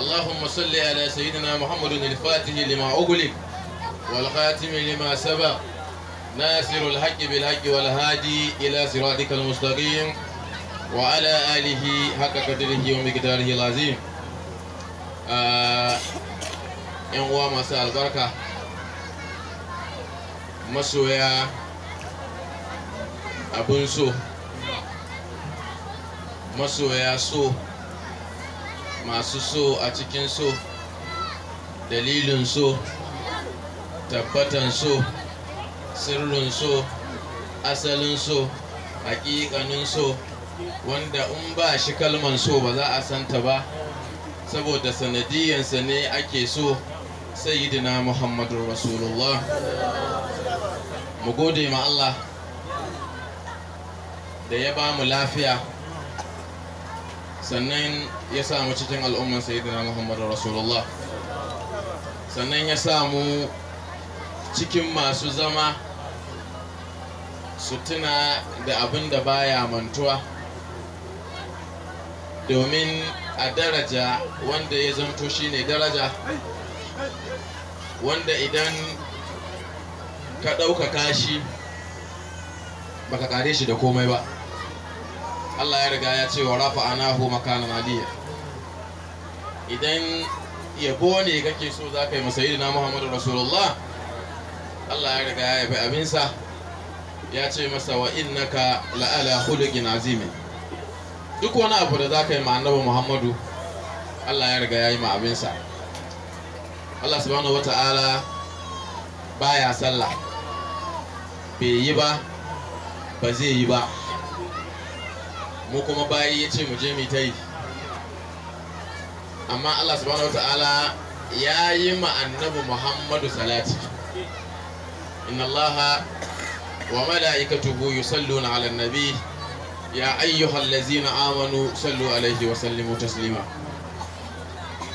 اللهم صل على سيدنا محمد الفاتح لما أغلق والخاتم لما سبق ناصر الحق بالحق والهادي إلى صراطك المستقيم وعلى آله حق قدره ومقداره العظيم آه، إن هو مساء البركة مسوى abin so masoya so masu so a cikin so dalilin so tabbatan so sirrin so asalin so hakikanin so wanda in ba shi kalman so ba za a santa ba saboda sanadiyansa ne ake so sayyidina Muhammadu rasulullah mu gode ma Allah da ya ba mu lafiya sannan ya samu cikin al'umman sayyidina muhammadu rasulullah sannan ya samu cikin masu zama su tuna da abin da baya mantuwa domin a daraja wanda ya zanto shine daraja wanda idan ka ɗaukaka shi baka kare shi da komai ba Allah ya riga ya ce wa rafa anahu makanan aliya idan yabo ne kake so za ka yi masayi na muhammadu rasulullah Allah ya riga ya yabi abinsa ya ce masa wa innaka la'ala hulukin azimi duk wani abu da za ka yi ma'annaba muhammadu Allah ya riga ya yi ma'abinsa Allah subhanahu wa ta'ala baya sallah bai yi ba ba zai yi ba mu kuma bayi ya ce mu je mu ta yi amma Allah subhanahu wa ta'ala ya yi ma annabi Muhammadu salati inna Allah wa mala'ikatuhu yusalluna 'alan nabi ya ayyuhal ladzina amanu sallu alaihi wa sallimu taslima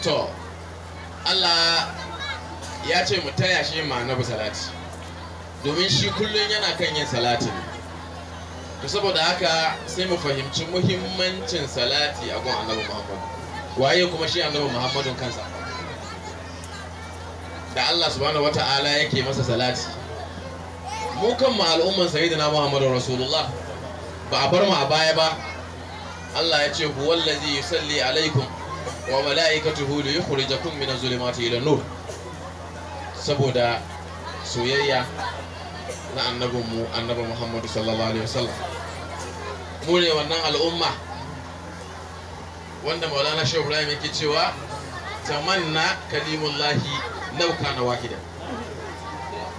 to Allah ya ce mu taya shi ma annabi salati domin shi kullum yana kan yin salati ne ka saboda haka sai mu fahimci muhimmancin salati a gun annabi muhammadu waye kuma shi annabi Muhammadu kansa da Allah subhanahu wata'ala yake masa salati mu kanmu al'umman sayyidina muhammadu rasulullah ba a bar mu a baya ba Allah ya ce huwallazi yusalli alaikum wa mala'ikatuhu li yukhrijakum min az-zulumati ila nur saboda soyayya na annabinmu annabi Muhammadu sallallahu alaihi wasallam mu ne wannan al'umma wanda maulana shi ibrahim yake cewa tamanna kalimullahi lauka na wahida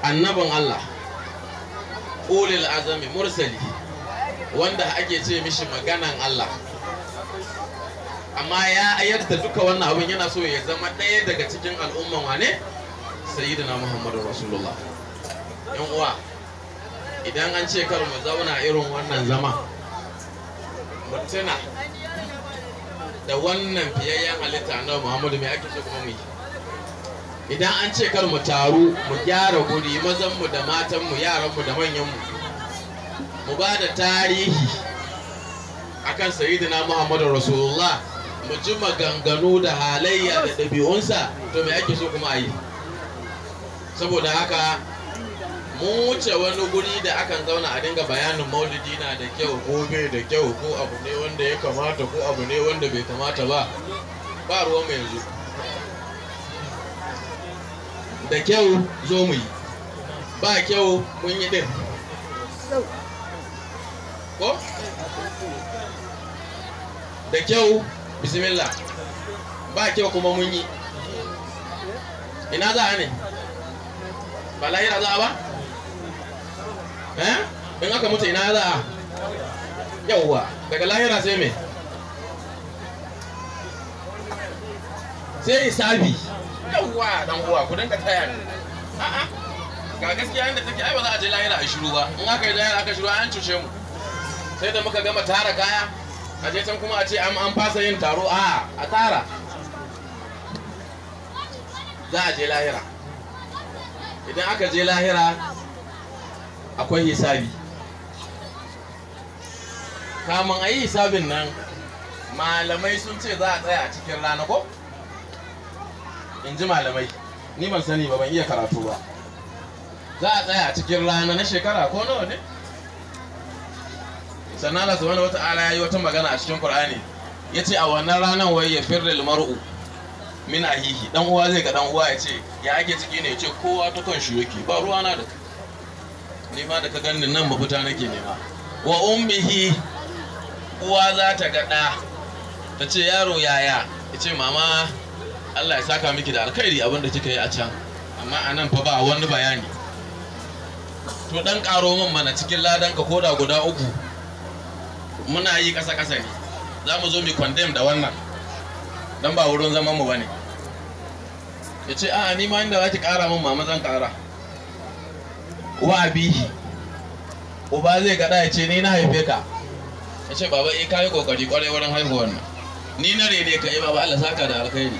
annabin allah ulil azami mursali wanda ake ce mishi maganan allah amma ya ayyarta duka wannan abin yana so ya zama ɗaya daga cikin al'umman wane sayyidina muhammadu rasulullah yan uwa idan an ce kar mu zauna irin wannan zama tuna da wannan fiyayyen halitta na muhammadu mai ake so kuma mu idan an ce kar mu taru mu gyara guri mazanmu da matanmu yaranmu da manyanmu mu ba da tarihi akan sayyidina muhammadu rasulullah mu ji maganganu da halayya da ɗabi'unsa to mai ake so kuma a saboda haka mun wuce wani guri da akan zauna a dinga bayanin maulidi na da kyau ko bai da kyau ko abu ne wanda ya kamata ko abu ne wanda bai kamata ba ba ruwan mai yanzu da kyau zo mu yi ba kyau mun yi din ko da kyau bismillah ba kyau kuma mun yi ina za a ne ba lahira za a ba Eh? in aka mutu ina za a yauwa daga lahira sai me sai isabi yauwa dan uwa ku dinga taya ni a'a ga gaskiya inda take ai ba za a je lahira a shiru ba in aka yi lahira aka shiru an cuce mu sai da muka gama tara kaya a je can kuma a ce an fasa yin taro a a tara za a je lahira idan aka je lahira akwai hisabi kamun a yi hisabin nan malamai sun ce za a tsaya a cikin rana ko in ji malamai ni ban sani ba ban iya karatu ba za a tsaya a cikin rana na shekara ko nawa ne sannan Allah subhanahu wata'ala ya yi wata magana a cikin Qur'ani ya ce a wannan ranar wai ya firre mar'u min ahihi dan uwa zai ga dan uwa ya ce ya ake ciki ne ya ce kowa ta kan shi yake ba ruwa na da kai Nema da ka gani nan mafuta nake nema wa ummihi uwa za ta ga ta ce yaro yaya ya ce mama Allah ya saka miki da alkhairi abin kika yi a can amma a nan fa ba wani bayani to dan karo min mana cikin ladan ka koda guda uku muna yi ƙasa ƙasa ne za mu zo mu condemn da wannan dan ba wurin zaman mu bane ya ce a ni ma inda za ki ƙara min mama zan kara wa abihi uba zai gada ya ce ni na haife ka ya ce baba eh kayi kokari kwarai wurin haihuwar ne. ni na rene ka eh baba Allah saka da alkhairi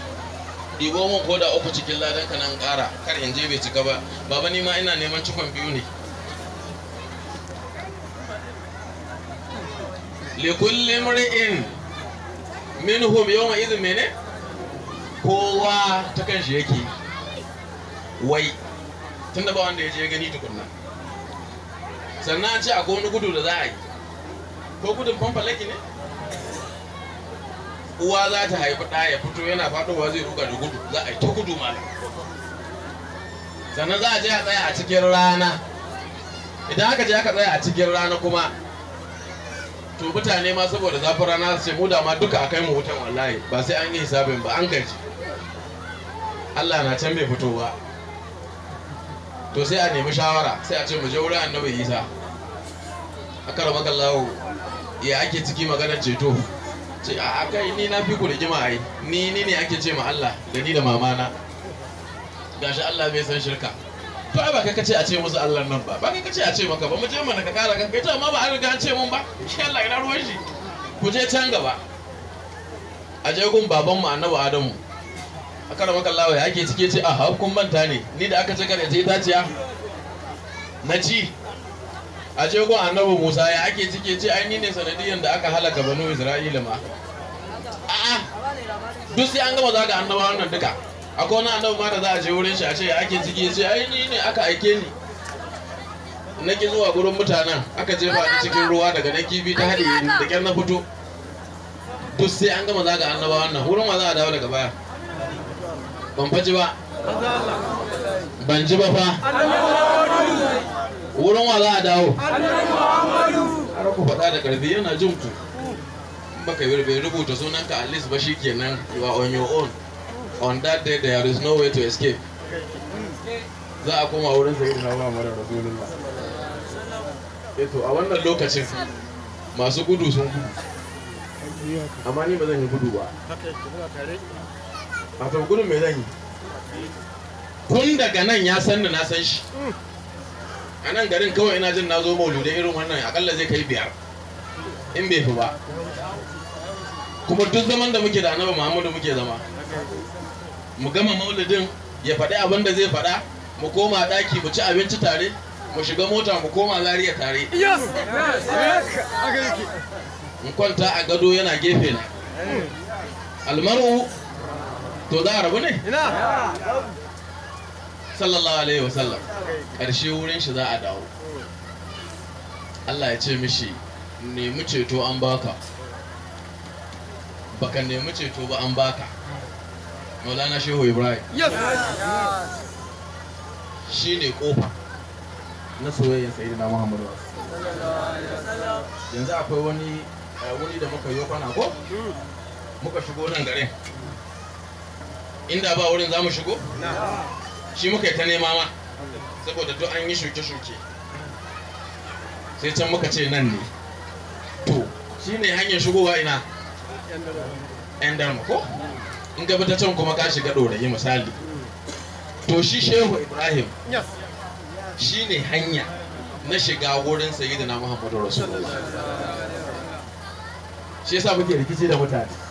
ibo mun koda uku cikin ladan ka nan kara kar in je bai cika ba baba ni ma ina neman cikon biyu ne kulli mri'in minhum yawma idhin mene kowa ta kan shi yake wai tunda ba wanda ya je gani tukunna sannan an ce akwai wani gudu da za a yi ko gudun laki ne uwa za ta haifi ɗa ya fito yana faɗowa zai ruga da gudu za a yi ta gudu malam sannan za a je a tsaya a cikin rana idan aka je aka tsaya a cikin rana kuma to mutane ma saboda zafin rana su ce mu da ma duka a kai mu wutan wallahi ba sai an yi hisabin ba an gaji Allah na can bai fito ba to sai a nemi shawara sai a ce mu je wurin annabi isa a karo magallawo ya ake ciki maganar ceto ce a kai ni na fi ku da ai ni ni ne ake ce ma Allah da ni da mamana gashi Allah bai san shirka to ai ba kai kace a ce musu Allah nan ba ba kai kace a ce maka ba mu je mana ka kara kan kai to amma ba an riga an ce mun ba shi Allah ina ruwan shi ku je can gaba a je gun babanmu annabi Adamu a kan wakan lawa ya ake cike ce a hakun manta ne ni da aka ce kan ce itaciya na ci a ce ko annabi musa ya ake cike ce ai ni ne sanadiyan da aka halaka banu isra'ila ma a'a duk sai an gama za ga annaba wannan duka akwai wani annabi ma da za a je wurin shi a ce ya ake cike ce ai ni ne aka aike ni na ki zuwa gurin mutanen aka ba ni cikin ruwa daga na kifi ta haɗe da ƙyar na fito duk sai an gama za ga annaba wannan wurin ma za a dawo daga baya ban faji ba ban ji ba fa wurin wa za a dawo har ku faɗa da ƙarfi yana jin ku In baka yi bai rubuta sunanka at least ba shi shikenan you are on your own on that day there is no way to escape za a koma wurin sayi na mamarar rasulullah eto a wannan lokacin masu gudu sun gudu amma ni ba zan yi gudu ba a gudun zan yi tun daga nan ya san ni na san shi hmm. a nan garin kawai ina jin na zo mauludai irin wannan akalla zai kai biyar in bai fi ba kuma duk zaman da muke da annabi muhammadu muke zama mu gama maulidin ya faɗi abin da zai faɗa mu koma ɗaki mu ci abinci tare mu shiga mota mu koma zariya tare in kwanta a gado yana gefe na hmm. almaru to za a rabu ne sallallahu alaihi wasallam ƙarshe wurin shi za a dawo Allah ya ce mishi nemi ceto an baka baka nemi ceto ba an baka maulana shehu ibrahim shi ne kofa na soyayyar sayidina muhammadu yanzu akwai wani eh, wuri da muka yi kwana ko hmm. muka shigo nan garin inda ba wurin za mu shigo shi muka yi ta nema ma saboda duk an yi shuke-shuke sai can muka ce nan ne to shi ne hanyar shigowa ina yan darma ko in gaba ta can kuma ka shiga ɗorayi misali to shi shehu ibrahim shi ne hanya na shiga wurin sayi da na muhammadu rasulullah shi yasa muke rikici da mutane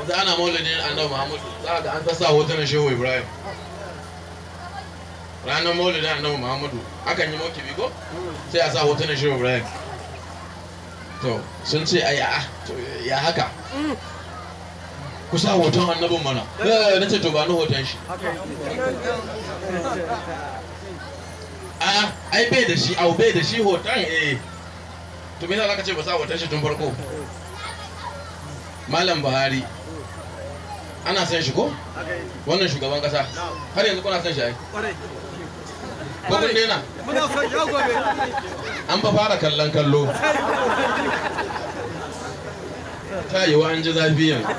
yanzu ana maulidin annabi muhammadu za ga an ta sa hotunan shehu ibrahim ranar maulidin annabi muhammadu akan yi mauki bigo sai a sa hotunan shehu ibrahim to sun ce a ya haka ku sa hoton annabin mana eh, na ce to ba ni hoton shi a ai bai da shi au bai da shi hoton eh to me za ka ce ba sa hoton shi tun farko malam buhari ana san shi ko wannan shugaban kasa har yanzu kuna san shi ai ko kun daina san gobe an fa fara kallon kallo ta yiwa an ji zafi yanzu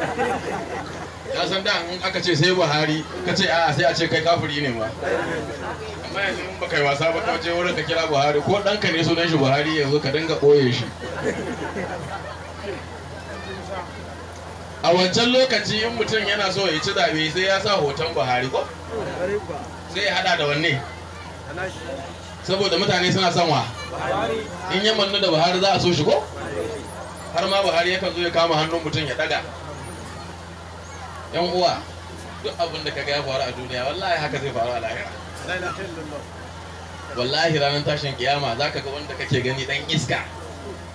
ya san da in aka ce sai buhari ka ce a'a sai a ce kai kafiri ne ma amma yanzu in baka yi wasa ba ka je wurin ka kira buhari ko ɗanka ne sunan shi buhari yanzu ka dinga ɓoye shi a wancan lokaci in mutum yana so ya ci zaɓe sai ya sa hoton buhari ko sai ya hada da wanne saboda mutane suna son wa in ya mannu da buhari za a so shi ko har ma buhari yakan zo ya kama hannun mutum ya daga yan uwa duk abin da kaga ya faru a duniya wallahi haka zai faru a lahira wallahi ranar tashin kiyama za ka ga wanda kake gani dan iska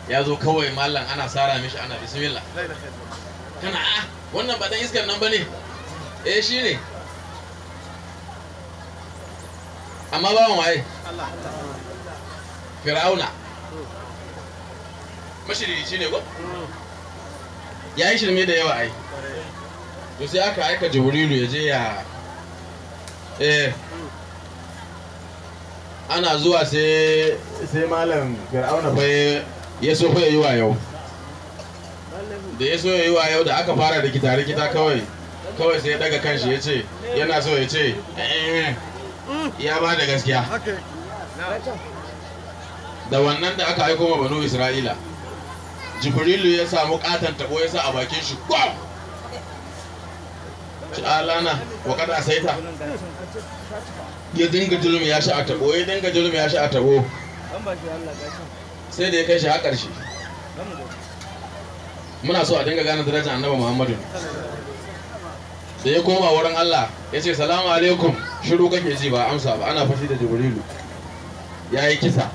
ya zo kawai mallan ana sara mishi ana bismillah kana a ah, wannan ba ta iskar nan ba ne E, eh, shi ne amma bawan waye fir'auna shi ne ko ya yi shirme da yawa ai to sai aka aika jibrilu ya je ya eh ana zuwa sai malam fir'auna bai ya so fa yi wa yau da ya so ya yi wa yau da aka fara rikita rikita kawai kawai sai ya daga kanshi ya ce yana so ya ce eh, ya ba da gaskiya da wannan da aka aiko ma banu isra'ila jibrilu ya samu katon tabo ya sa a bakin shi kwam ci alana wa kada saita ya dinga julum ya sha a tabo ya dinga julum ya sha a tabo sai da ya kai shi a ƙarshe muna so a dinga gane darajar annabi muhammadu da ya koma wurin allah ya ce salamu alaikum shiru kake ji ba amsa ba ana fashi da jibrilu ya yi kisa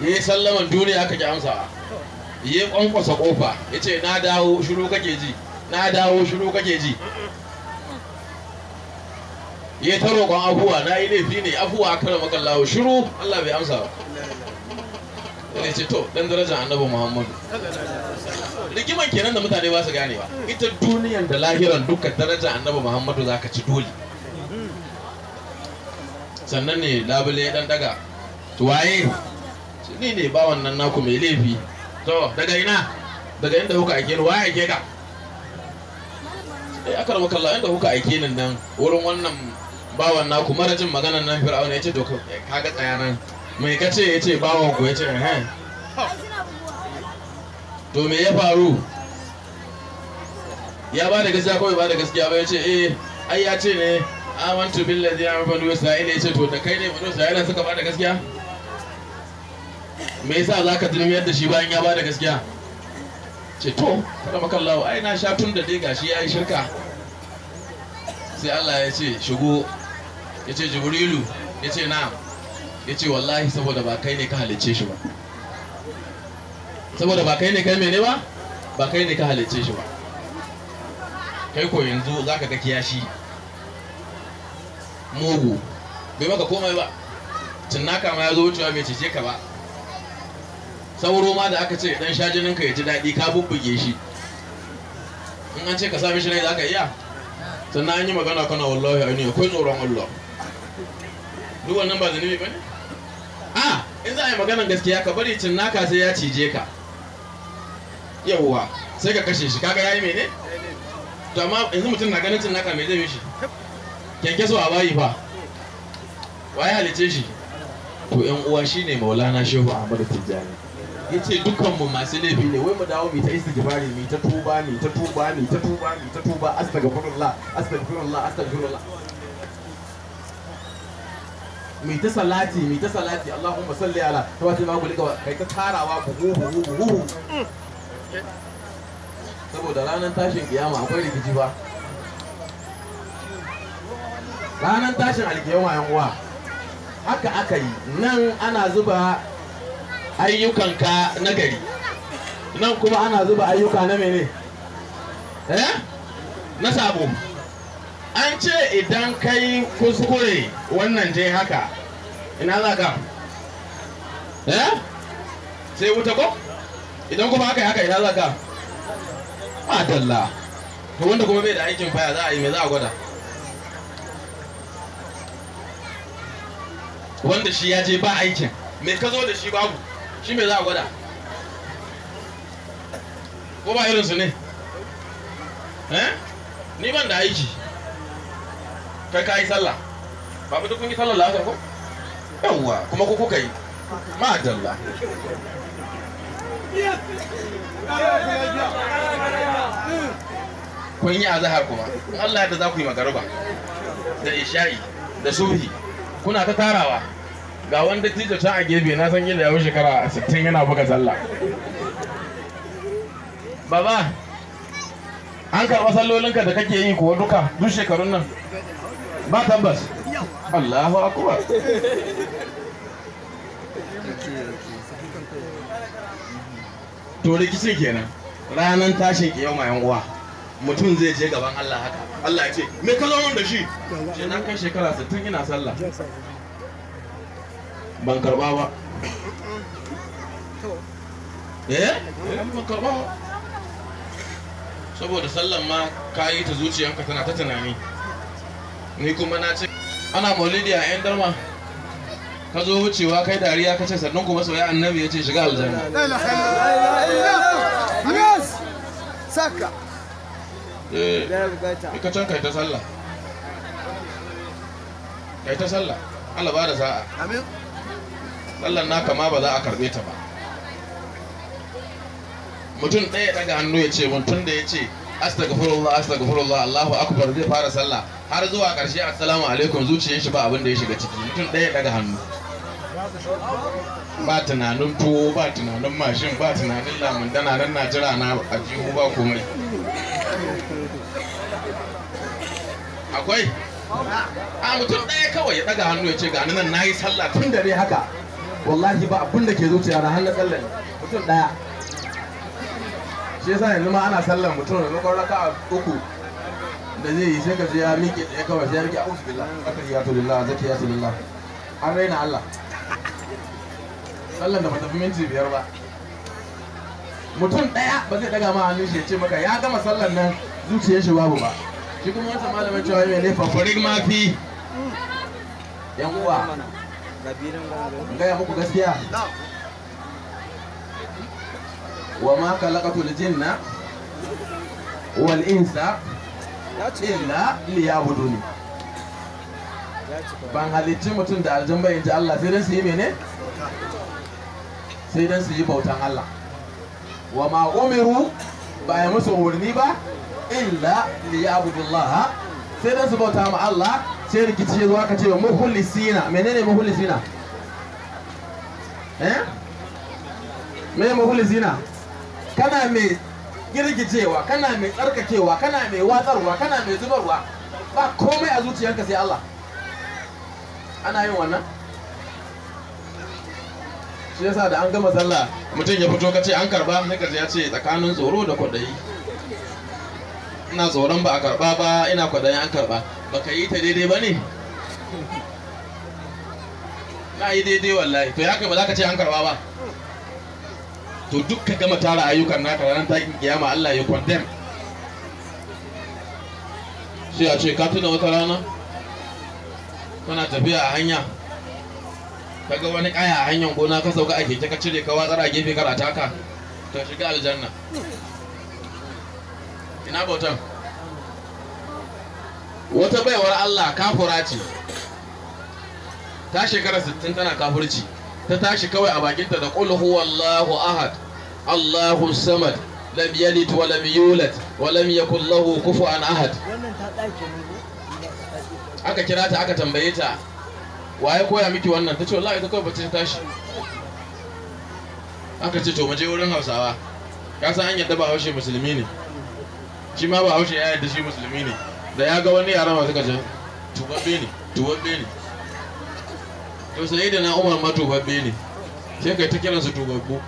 ya yi sallaman duniya aka ki amsa ya yi kwankwasa kofa ya ce na dawo shiru kake ji na dawo shiru kake ji ya ta roƙon afuwa na yi laifi ne afuwa a rama kallawo shiru allah bai amsa ba ne ce to dan darajar annabi muhammadu rigiman kenan da mutane ba su ganewa ita duniyan da lahiran duka darajar annabi muhammadu za ka ci dole sannan ne labule ya dan daga waye ni ne ba wannan naku mai laifi to daga ina daga inda kuka ni, waye aike ka eh akar makalla inda kuka aike ni nan wurin wannan bawan naku marajin maganan nan fir'auna ya ce to kaga tsaya nan mai kace ya ce bawon ku ya ce ehem to me ya faru ya ba da gaskiya kawai ba da gaskiya ba ya ce eh ai ya ce ne amantu billazi ya banu isra'ila ya ce to da kai ne banu isra'ila suka ba da gaskiya me yasa za ka zulmiyar da shi bayan ya ba da gaskiya ce to kada Allah ai na sha tun da dai gashi ya yi shirka sai Allah ya ce shigo ya ce jibrilu ya ce na'am ya ce wallahi saboda ba kai ne ka halicce shi ba saboda ba kai ne kai mene ba ba kai ne ka halicce shi ba kai ko yanzu za ka ga kiyashi mugu bai maka komai ba cinnaka ma ya zo wucewa bai cece ka ba sauro ma da aka ce dan sha jinin ka ya ji daɗi ka bubbuge shi in an ce ka sami shi ne za ka iya sannan an yi magana kana wallahi ainihi akwai tsoron Allah duk wannan ba zanibi ba ne za a yi maganar gaskiya ka bari cin naka sai ya cije ka yawwa sai ka kashe shi kaga yayi mene to amma yanzu mutum na ganin cin naka me zai mishi kyankyaso a bayi fa waye halice shi to yan uwa shine maulana shehu ahmadu tijjani ya ce dukkanmu masu laifi ne wai mu dawo mu ta istighfari mu ta tuba mu ta tuba mu ta tuba mu ta tuba astaghfirullah astaghfirullah astaghfirullah mai ta salati mai ta salati Allahumma salli ala tabati ba ta ma guli kai ta tarawa buhu buhu buhu saboda ranar tashin kiyama akwai rikici ba ranar tashin alkiyama yan uwa haka aka yi nan ana zuba ayyukanka na gari nan kuma ana zuba ayyuka na mene eh na sabo an ce idan kai kuskure wannan je haka ina za ka eh sai wuta ko idan kuma haka haka ina za ka adalla to wanda kuma bai da aikin faya za a yi mai za a gwada wanda shi ya je ba aikin mai ka zo da shi babu shi mai za a gwada ko ba irinsu ne eh ni ban da aiki kai ka yi sallah ba mutu kun yi sallah la'asar ko yawwa kuma ku kuka yi Ma madalla kun yi azahar kuma in Allah ta za ku yi magaruba da isha'i da suhi kuna ta tarawa ga wanda tijo can a gefe na san yadda yawon shekara 60 yana buga sallah baba an karɓa sallolinka da kake yi kuwa duka duk shekarun nan ba tambas. Allahu akbar to rikicin kenan ranar tashin ma yan uwa mutum zai je gaban Allah haka Allah ya ce me ka zo da shi je na kai shekara 60 ina sallah ban karba ba eh ban karba saboda sallan ma ka yi ta zuciyanka tana ta tunani ni kuma na ce ana maulidi a yan darma ka zo wucewa kai dariya ka ce sannan kuma sauya annabi ya ce shiga aljanna saka eh ka can kai ta sallah kai ta sallah Allah ba da sa'a amin sallan naka ma ba za a karbe ta ba mutum ɗaya daga hannu ya ce mutum da ya ce astagfirullah astagfirullah Allahu akbar zai fara sallah har zuwa ƙarshe assalamu alaikum zuciyar shi ba abin da ya shiga ciki mutum ɗaya daga hannu ba tunanin tuwo ba tunanin mashin ba tunanin lamun dana nan na jira na a jihu ba komai akwai a mutum ɗaya kawai ya ɗaga hannu ya ce ga nan na yi sallah tun dare haka wallahi ba abin da ke zuciya na hannu ne, mutum ɗaya shi yasa yanzu ma ana sallan mutum da makon raka uku da zai yi sai ka sai ya miƙe tsaye kawai sai ya miƙe ausu billah zakari ya tulillah zaki ya tulillah an raina Allah sallan da ba tafi minti biyar ba mutum ɗaya ba zai daga ma hannun shi ya ce maka ya gama sallan nan zuciyar shi babu ba shi kuma wancan malamin cewa mai ne fafarin mafi yan uwa gaya muku gaskiya wa ma kalaqatul jinna wal insa illa liyabudu ban halicci mutum da aljan bai ji Allah sai dan su yi mene sai dan su yi bautan Allah wa ma umiru ba ya musu umarni ba illa sai dan su bauta ma Allah sai rikici ya zo aka ce muhullisina menene muhullisina eh me muhullisina kana me. girgijewa kana mai tsarkakewa kana mai watsarwa kana mai zubarwa ba komai a zuciyarka sai Allah ana yin wannan shi yasa da an gama sallah mutum ya fito kace an karba ne kaje ya ce tsakanin tsoro da kwadayi ina tsoron ba a karba ba ina kwadayi an karba baka yi ta daidai ba ne na yi daidai wallahi to ya kai ba za ka ce an karba ba to duk ka gama tara ayyukan naka ranar takin kiyama Allah ya condemn sai a ce ka tuna wata rana kana tafiya a hanya kaga wani kaya a hanyar gona ka sauka a keke ka cire ka watsar a gefe karata ka, ka shiga aljanna ina bautan wata baiwar Allah kafura ce ta shekara 60 tana kafurci ta tashi kawai a bakinta da qul huwallahu ahad Allahu samad lam yalid wa lam yulad wa lam yakul lahu kufuwan ahad aka kira ta aka tambaye ta waye koya miki wannan tace wallahi ita kawai bace ta tashi aka ce to mu je wurin Hausawa ka san an yadda ba haushe musulmi ne shi ma ba haushe ya yadda shi musulmi ne da ya ga wani yaran suka ce tubabbe ne tubabbe ne to sai na umar ma tubabbe ne sai kai ta kiransu tubabbu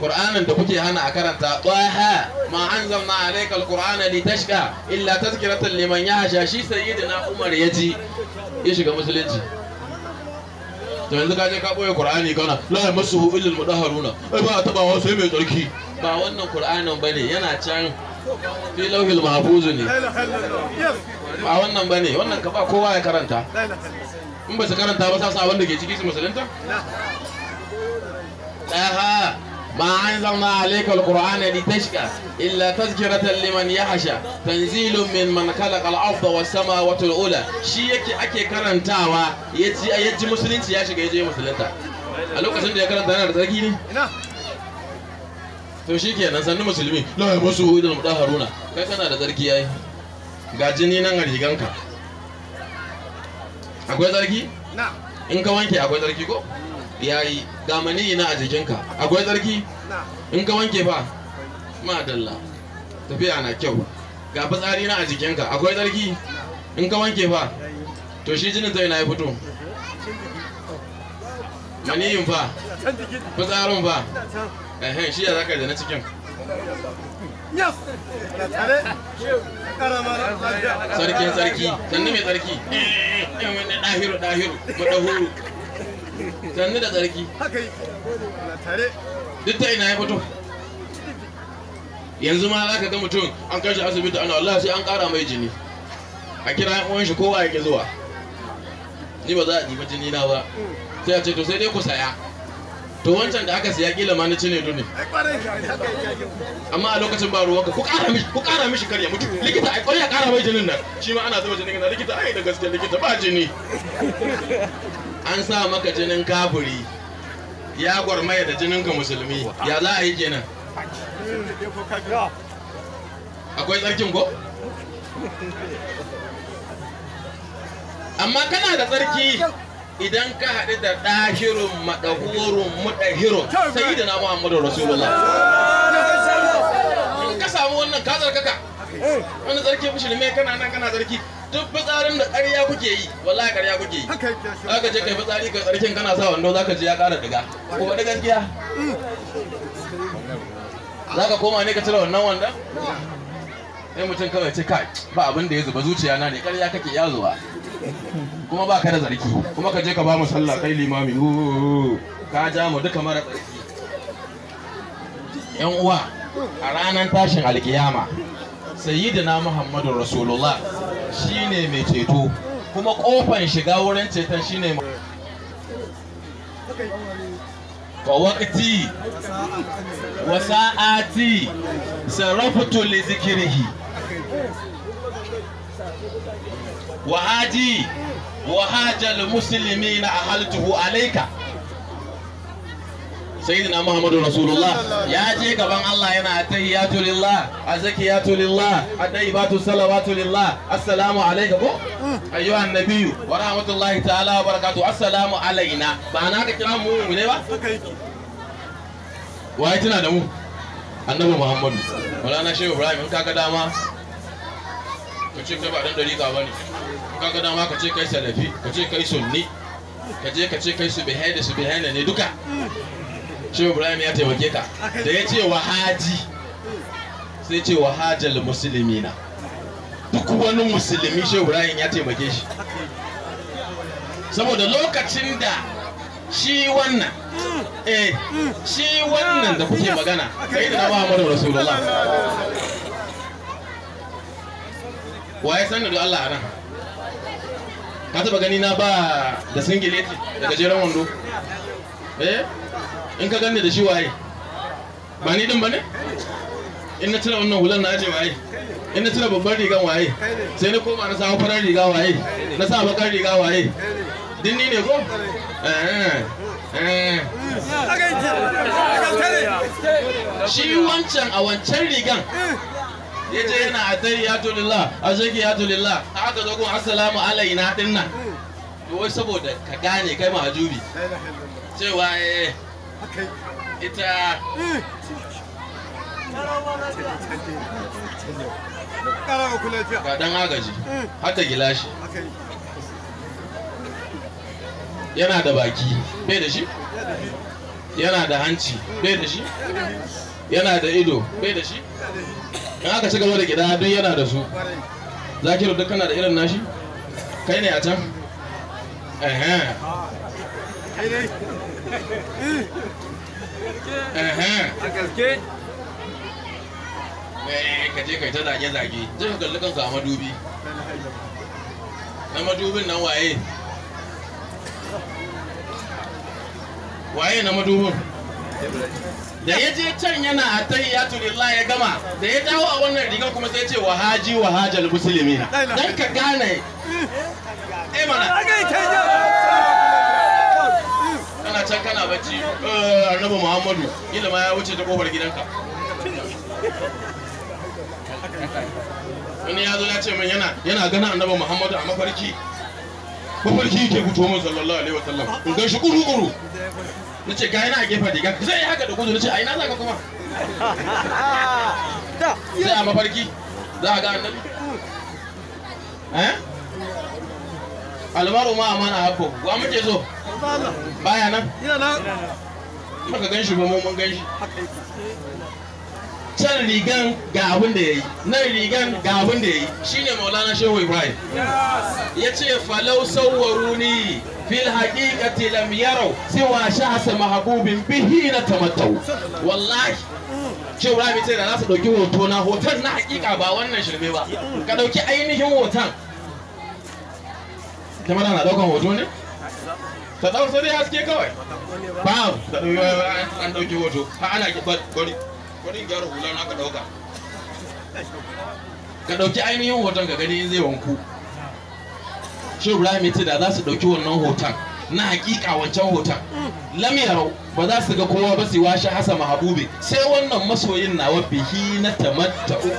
Qur'anin da kuke hana a karanta Taha ma anzalna alayka alqur'ana litashqa illa tazkiratan liman yahsha shi sayyidina Umar yaji ya shiga musulunci to yanzu ka je ka boye Qur'ani kana la yamassuhu illa almudahharuna ai ba taba wa sai mai tsarki ba wannan Qur'anin bane yana can fi lauhil mahfuz ne ba wannan bane wannan ka ba kowa ya karanta in ba su karanta ba sa wanda ke ciki su musulunta ɗaha ma an zama alaika alƙur'ana li tashka illa tazkiratan liman hasha tanzilun min man kala al-ardha was samawati al shi yake ake karantawa yaji yaji musulunci ya shiga ya je musulunta a lokacin da ya karanta yana da tsarki ne to shi nan sannu musulmi la ya musu idan Haruna? kai kana da tsarki yayi ga jini nan a riganka akwai tsarki in ka wanke akwai tsarki ko mm. yayi ga mani na a jikinka akwai tsarki in ka wanke fa madalla tafiya na kyau ga fitsari na a jikinka akwai tsarki in ka wanke fa to shi jinin zai na ya fito maniyin fa fitsarin fa shi ya zaka da na cikin sarkin sarki sannu mai sarki ɗahiru ɗahiru maɗahuru sannu da sarki duk ta ina ya fito yanzu ma za ka ga mutum an kai shi asibiti ana Allah sai an ƙara mai jini a kira yan uwan shi kowa yake zuwa ni ba za a ɗiba jini na ba sai a ce to sai dai ku saya to wancan da aka siya kila ma na cine ne amma a lokacin ba ruwa ku kara mishi ku kara mishi kar mutu likita ai kwarai kara mai jinin nan shi ma ana zuba jinin nan likita ai da gaske likita ba jini an sa maka jinin kafiri ya gwarmaya da jinin ka musulmi ya za a yi kenan akwai tsarkin ko amma kana da tsarki idan ka haɗu da ɗahirun maɗahurun muɗahirun sai da na muhammadu rasulullah in ka samu wannan ka zarkaka eh. wani tsarki musulmi kana nan kana tsarki duk fitsarin da ƙarya kuke yi wallahi ƙarya kuke yi aka je kai fitsari ka tsarkin kana sa wando zaka je ya ƙara diga ko wani gaskiya mm. zaka koma ne ka cire wannan wanda sai mutum kawai ce kai ba abin da ya zuba zuciya na ne ƙarya kake ya zuwa kuma ba ka da zarki kuma ka je ka ba mu sallah kai limami ka ja mu duka mara tsarki yan uwa a ranar tashin alkiyama sayyidina muhammadu rasulullah shine mai ceto kuma kofan shiga wurin ceton shine fa waqti wa sa'ati sarafatu li zikrihi wa haji Wahajal hajjal musulmi na ahaltuhu alaika sayyidina muhammadu rasulullah ya je gaban Allah yana tayyatu lillah azkiyatu lillah adayibatu salawatu lillah assalamu alayka ko ayyuha annabiyyu wa rahmatullahi ta'ala wa barakatuh assalamu alaina ba na ka kira mu ne ba wa tana da mu annabi muhammadu na ibrahim in ka ga dama ka ce kai ba dan dariƙa ba ne ka dama ka ce kai salafi ka ce kai sunni ka je ka ce kai su bihaina su bihaina ne duka shehu ibrahim ya taimake ka da ya ce wahaji sai ce wahajal musulmina duk wani musulmi shehu ibrahim ya taimake shi saboda lokacin da shi wannan eh shi wannan da kuke magana sai da mu da rasulullah Wa ya san da Allah a nan ka taba gani na ba da singile da gajeren wando eh in ka gane da shi waye ba ni din ba ne in na cire wannan hular na aje waye in na cire babban rigan waye sai na koma na sa farar riga waye na sa bakar riga waye din ni ne ko eh eh shi wancan a wancan rigan ya yana yana tari ya tulillah a zaki ya tulillah a aka zo kun assalamu na din nan to wai saboda ka gane kai ma ajubi cewa eh ita ba dan agaji haka gilashi yana da baki bai da shi yana da hanci bai da shi yana da ido bai da shi in aka ci gaba da gida duk yana da su zakiru duk kana da irin nashi kai ne a can eh, ka je kai ta zage-zage Zai ka kalli kanka a madubi na madubin nan waye waye na madubin da ya je can yana a tayyatu lillah ya gama da ya dawo a wannan rigar kuma sai ce wa haji wa musulmi na dan ka gane eh mana kana can kana bacci eh, annabi muhammadu ilima ya wuce ta kofar gidanka wani ya zo ya ce min yana yana ganin annabi muhammadu a mafarki mafarki yake fito min sallallahu alaihi sallam in ga shi kuru kuru na ce ga yana a gefen riga zai yi haka da gudu na ce a ina za ka kuma sai a mafarki za a ga annabi eh almaru ma amana habbo wa muke so baya nan maka gan shi ba mun gan shi can rigan ga abin da ya yi nan rigan ga abin da ya yi shine maulana shehu ibrahim ya ce falau sauwaru ni في الحقيقة لم يروا سوى شخص محبوب به نتمتعوا والله cewa mai ce da za su ɗauki hoto na hoton na hakika ba wannan shirme ba ka ɗauki ainihin hoton kyamara na ɗaukan hoto ne ta ɗau sai haske kawai ba an ɗauki hoto ha ana bari. Bari gwari gyara hula na ka ɗauka ka ɗauki ainihin hoton ka gani zai wanku shi ibrahim ya ce da za su ɗauki wannan hoton na hakika wancan hoton lamiyarau ba za su ga kowa ba su washe hasa mahabube sai wannan masoyin nawa bihi na tamatta'u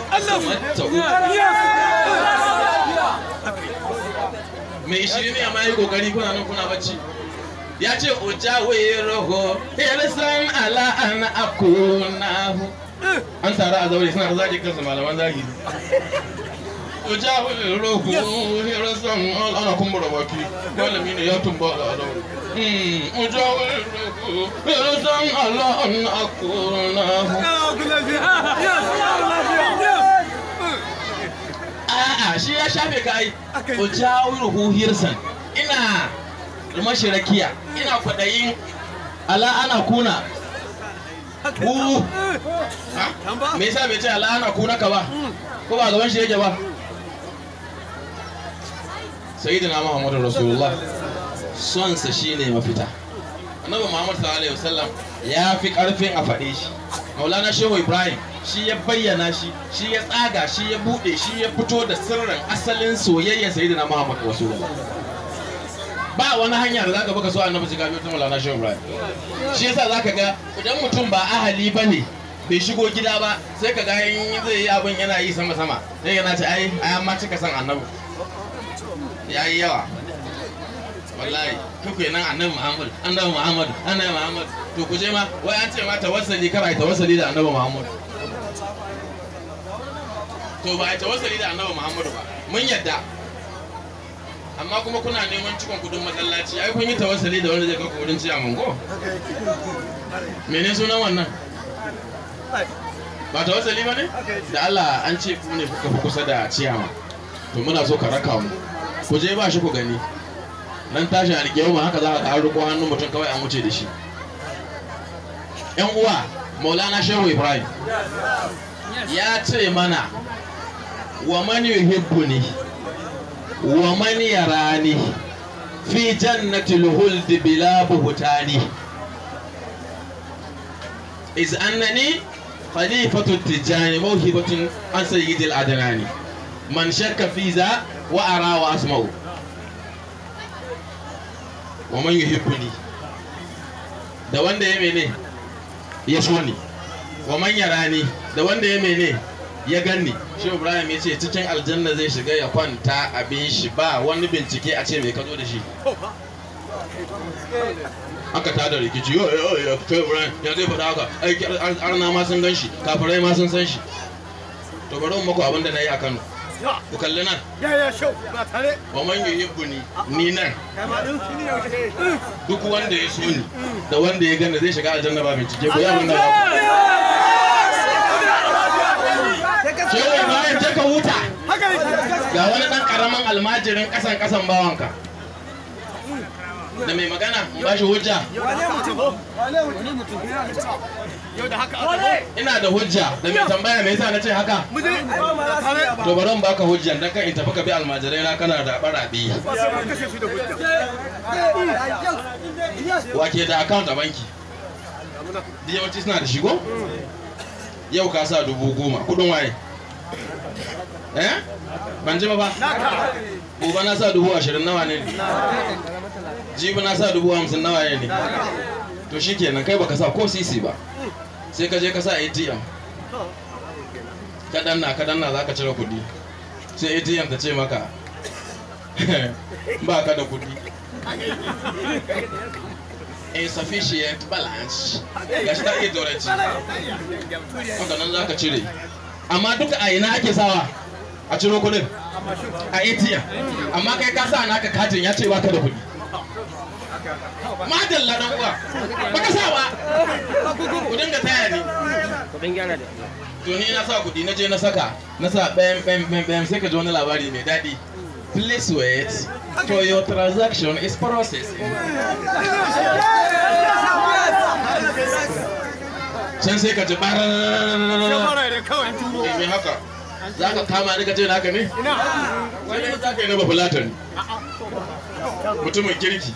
mai shirin ya ma yi kokari kuna nan kuna bacci ya ce ujawe roho irsan ala an akunahu eh. an tare a zaure suna zaki kansu malaman zaki يجاوروكم هرسهم أنا كم رواكي والمين يتم بعد أدور أجاوروكم هرسهم على أن أقولناه A'a shi ya shafe ka ai, ku jawo ruhirsan ina mashirakiya ina kwaɗayin ala ana kuna ku me yasa bai ce ala ana kuna ka ba hmm. ko ba gaban shi yake ba sayyidina muhammadu rasulullah son sa shine mafita annabi muhammad sallallahu alaihi wasallam ya fi karfin a fad'e shi maulana shehu ibrahim shi ya bayyana shi shi ya tsaga shi ya buɗe shi ya fito da sirrin asalin soyayya sayyidina muhammad rasulullah ba wani hanya da zaka baka so annabi sai ka biyo ta maulana shehu ibrahim shi yasa zaka ga idan mutum ba ahali bane bai shigo gida ba sai ka ga zai yi abin yana yi sama sama sai yana ce ai ai amma cika san annabi ya yi yawa wallahi kuke nan annabi muhammad annabi muhammad annabi muhammad to ku je ma wai an ce ma tawassali kar ai tawassali da annabi muhammad to ba ai tawassali da annabi muhammad ba mun yadda amma kuma kuna neman cikon kudin masallaci ai kun yi tawassali da wanda zai kawo kudin ciya mango Menene sunan wannan ba tawassali ba ne da Allah an ce ku ne kuka fi kusa da ciyama to muna so ka raka mu ku je ba shi ku gani nan tashi alƙiyama haka za ka ƙarar ko hannun mutum kawai an wuce da shi yan uwa maulana shehu ibrahim ya ce mana wa man yuhibbuni wa man yarani fi jannatil huldi bila buhutani iz annani khalifatu tijani mawhibatun an sayyidil adnani man shakka fi za وأرى وأسمع ومن asma'u wa man yuhibbuni da wanda ya mene ya so ni wa man yarani da wanda ya mene ganni shi ibrahim ya ce cikin aljanna zai shiga ya kwanta abin shi ba wani bincike a ce mai kazo da shi aka tada rikici yo yo yo kai ibrahim ya zai faɗa haka aiki arna ma sun gan shi kafirai ma sun san shi to bari mu muku abin da na yi a kano ku kalli nan ya ya shau ba tare wa man yuhibbu ni ni nan duk wanda ya so ni da wanda ya ganda zai shiga aljanna ba bincike ko ya wanda ba ke wai bayan ta huta ga wani dan karaman almajirin kasan kasan bawanka da mai magana mu bashi hujja ina da hujja da mai tambaya me yasa na ce haka to bari mu baka hujjan dan kan in tafi ka bi almajirai na kana da barabi wake da account a banki yawanci suna da shigo mm. yau ka sa dubu goma kudin waye eh ban ji ba ba gobe na sa dubu ashirin nawa ne ne jibi na sa dubu hamsin nawa ne ne to shi kenan kai baka sa ko sisi ba sai ka je ka sa atm kaɗan na kaɗan na za ka cire kuɗi sai atm ta ce maka ba ka da kuɗi insufficient balance ga shi ta ke turanci wanda nan za ka cire amma duka a ina ake sawa a ciro kuɗin a atm amma kai ka sa naka katin ya ce ba ka da kuɗi madalla ladan uwa ba ka sa ba ku da taya ne. kuɗin gyara da to ni na sa kuɗi na je na saka na sa ɓayan ɓayan ɓayan sai ka ji wani labari mai daɗi please wait for your transaction is processing can sai ka ji za ka kama ni ka ce naka ne Ina! ne za ka yi na bafulatan mutumin kirki